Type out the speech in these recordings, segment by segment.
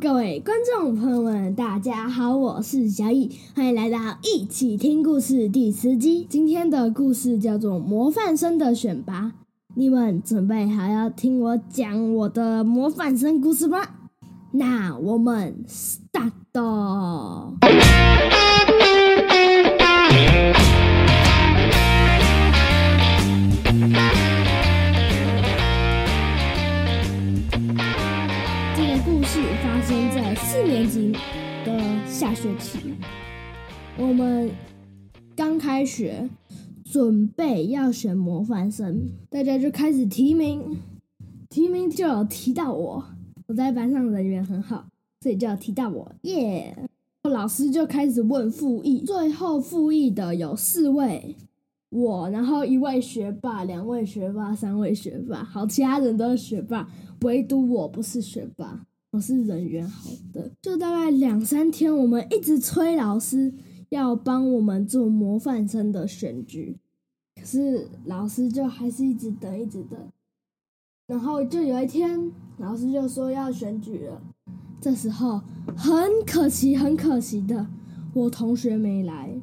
各位觀眾朋友們，大家好，我是小易，歡迎來到一起聽故事第十集。今天的故事叫做《模範生的選拔》，你們準備好要聽我講我的模範生故事嗎？那我們 start 哦。準備要選模範生，大家就開始提名，提名就有提到我，我在班上人緣很好，所以就有提到我耶。Yeah! 老師就開始問附議，最後附議的有四位，我，然後一位學霸，兩位學霸，三位學霸，好，其他人都是學霸，唯獨我不是學霸，我是人緣好的。就大概兩三天，我們一直催老師要幫我們做模範生的選舉。是老師就還是一直等一直等，然後就有一天老師就說要選舉了，這時候很可惜很可惜的，我同學沒來，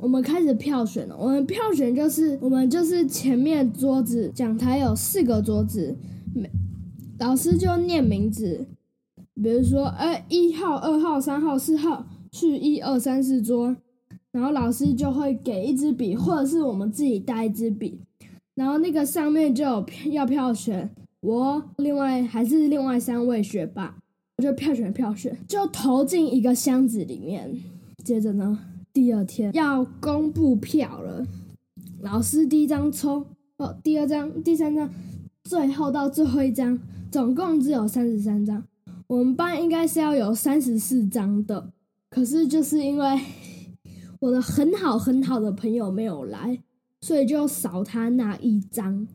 我們開始票選了，我們票選就是我們就是前面桌子講台有四個桌子，每老師就念名字，比如說呃一號、二號、三號、四號去一二三四桌。然後老師就會給一支筆，或者是我們自己帶一支筆。然後那個上面就有要票選，我另外還是另外三位學霸，就票選票選，就投進一個箱子裡面。接着呢，第二天要公布票了。老師第一張抽，哦，第二張、第三張，最後到最後一張，總共只有三十三張。我們班應該是要有三十四張的，可是就是因為。我的很好很好的朋友沒有來，所以就少他那一張。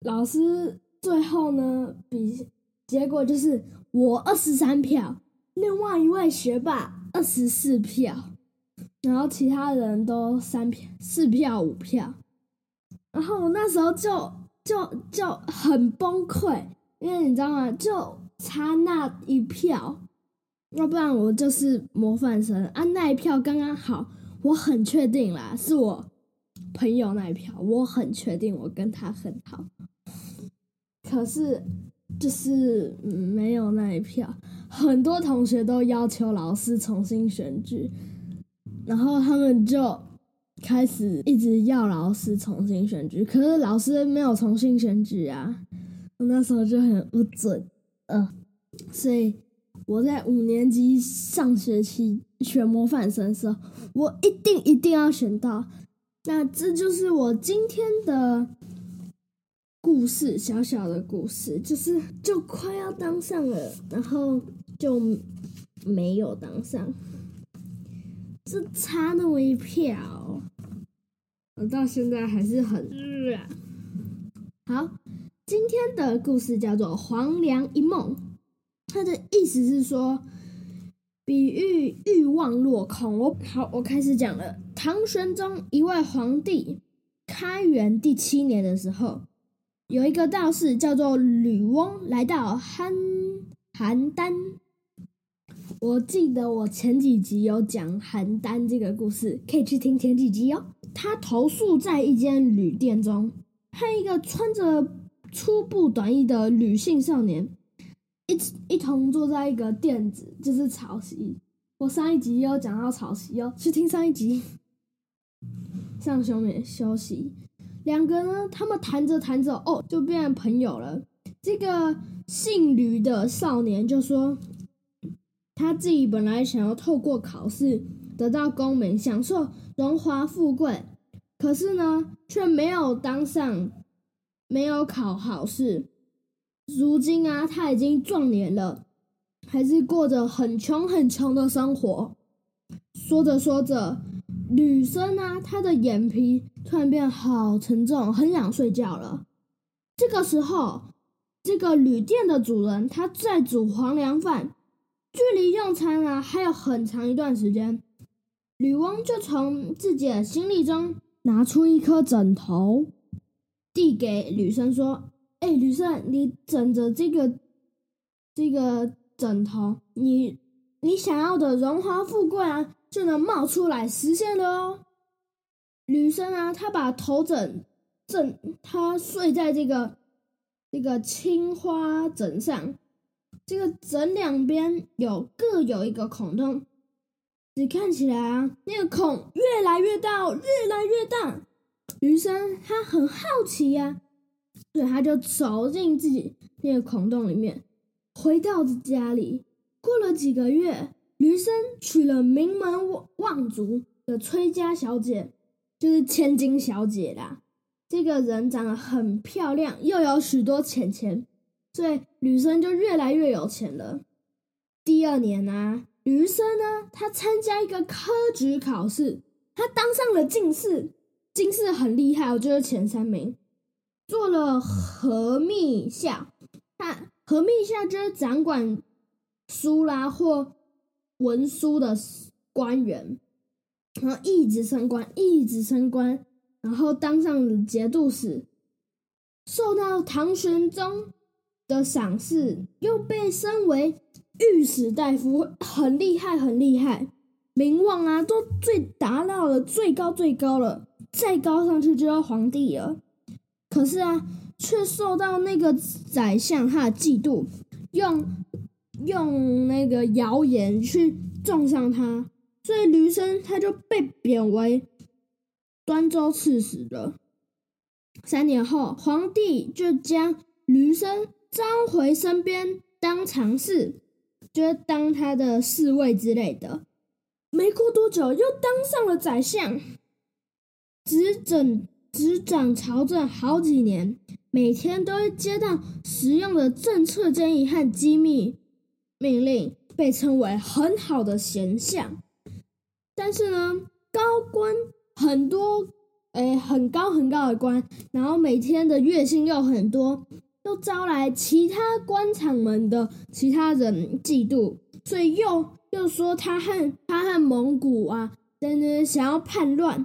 老師最後呢，比，結果就是我二十三票，另外一位學霸二十四票，然後其他人都三票、四票、五票。然後我那時候就就就很崩潰，因為你知道嗎？就差那一票。要不然我就是模範生啊！那一票剛剛好，我很確定啦，是我朋友那一票，我很確定我跟他很好。可是就是沒有那一票，很多同學都要求老師重新選舉，然後他們就開始一直要老師重新選舉。可是老師沒有重新選舉啊，我那時候就很不準，嗯、呃、所以。我在五年級上學期選模範生時候，我一定一定要選到。那這就是我今天的故事，小小的故事，就是就快要當上了，然後就沒有當上，這差那麼一票。我到現在還是很熱……好，今天的故事叫做《黃粱一夢》。他的意思是說，比喻慾望落空。我好，好，我開始講了。唐玄宗一位皇帝，開元第七年的時候，有一個道士叫做呂翁，來到邯邯鄲。我記得我前幾集有講邯鄲這個故事，可以去聽前幾集哦。他投宿在一間旅店中，和一個穿着粗布短衣的盧姓少年。一一同坐在一個，墊子，就是草席。我上一集有講到草席哦，去聽上一集上小美消息。兩個呢，他們談着談着，哦，就變成朋友了。這個姓呂的少年就說，他自己本來想要透過考試得到功名，享受榮華富貴，可是呢，卻沒有當上，沒有考好試。如今啊，他已經壯年了，還是過着很窮很窮的生活。說着說着，女生呢、啊，她的眼皮突然變好沉重，很想睡覺了。這個時候，這個旅店的主人他在煮黃粱飯，距離用餐呢、啊、還有很長一段時間。呂翁就從自己的行李中拿出一顆枕頭，遞給女生說。哎，女生，你枕着這個這個枕頭，你你想要的榮華富貴啊，就能冒出來實現了哦。女生啊，她把頭枕枕，她睡在這個這個青花枕上，這個枕兩邊有各有一個孔洞，你看起來啊，那個孔越來越大哦，越來越大。女生她很好奇呀。所以他就走進自己那個孔洞裡面，回到家裡。過了幾個月，盧生娶了名門望族的崔家小姐，就是千金小姐啦。這個人長得很漂亮，又有許多錢錢，所以盧生就越來越有錢了。第二年啊，盧生呢，他參加一個科舉考試，他當上了進士。進士很厲害，我就是前三名。做了和密下，他和密下就是掌管書啦、啊、或文書的官員，然後一直升官，一直升官，然後當上節度使，受到唐玄宗的賞識，又被升為御史大夫，很厲害，很厲害，名望啊都最達到了最高最高了，再高上去就要皇帝了。可是啊，卻受到那個宰相他的嫉妒，用用那個謠言去中傷他，所以盧生他就被貶為端州刺史了。三年後，皇帝就將盧生召回身邊當常侍，就是、當他的侍衛之類的。沒過多久，又當上了宰相，執掌。執掌朝政好幾年，每天都會接到實用的政策建議和機密命令，被稱為很好的賢相。但是呢，高官很多，誒、欸，很高很高的官，然後每天的月薪又很多，又招來其他官場們的其他人嫉妒，所以又又說他和他和蒙古啊，等等，想要叛亂。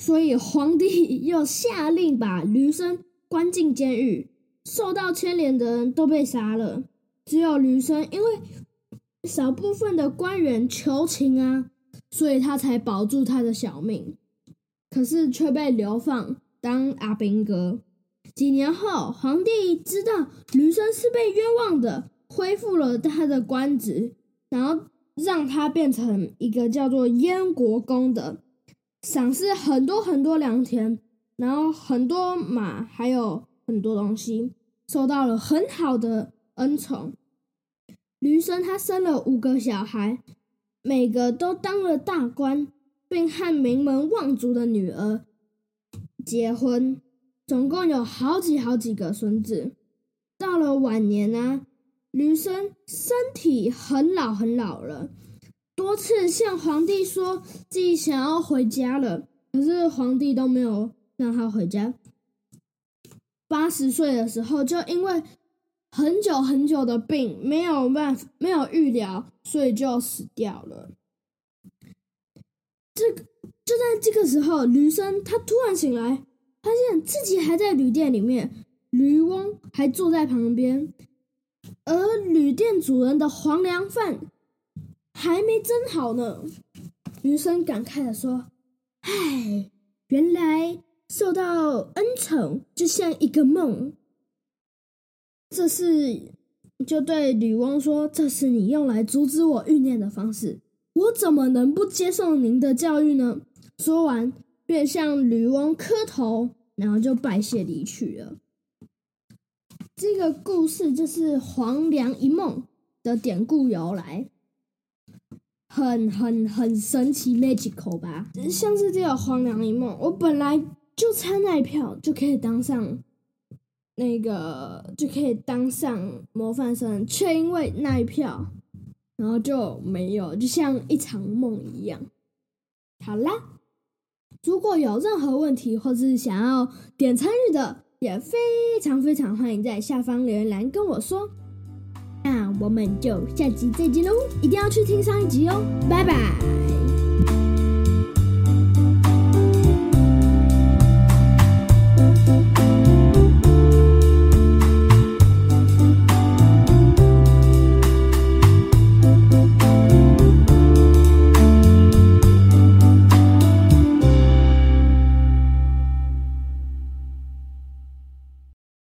所以皇帝又下令把盧生關進監獄，受到牽連的人都被殺了，只有盧生因為少部分的官員求情啊，所以他才保住他的小命，可是卻被流放當阿兵哥。幾年後，皇帝知道盧生是被冤枉的，恢復了他的官職，然後讓他變成一個叫做燕國公的。賞賜很多很多良田，然後很多馬，還有很多東西，受到了很好的恩寵。盧生他生了五個小孩，每個都當了大官，並和名門望族的女兒結婚，總共有好幾好幾個孫子。到了晚年呢、啊，盧生身體很老很老了。多次向皇帝說自己想要回家了，可是皇帝都沒有讓他回家。八十歲的時候，就因為很久很久的病沒有辦法沒有預料，所以就死掉了。這就在這個時候，盧生他突然醒來，發現自己還在旅店裡面，呂翁還坐在旁邊，而旅店主人的黃粱飯。還沒蒸好呢，女生感慨的說：“唉，原來受到恩寵就像一個夢。”這是就對呂翁說：“這是你用來阻止我欲念的方式，我怎麼能不接受您的教育呢？”說完便向呂翁磕頭，然後就拜謝離去了。這個故事就是‘黃粱一夢’的典故由來。很很很神奇，magical 吧？像是這個黃粱一夢，我本來就差那一票就可以當上那個，就可以當上模範生，卻因為那一票，然後就沒有，就像一場夢一樣。好啦，如果有任何問題或是想要點參與的，也非常非常歡迎在下方留言欄跟我說。那我們就下集再見嘍！一定要去聽上一集哦，拜拜。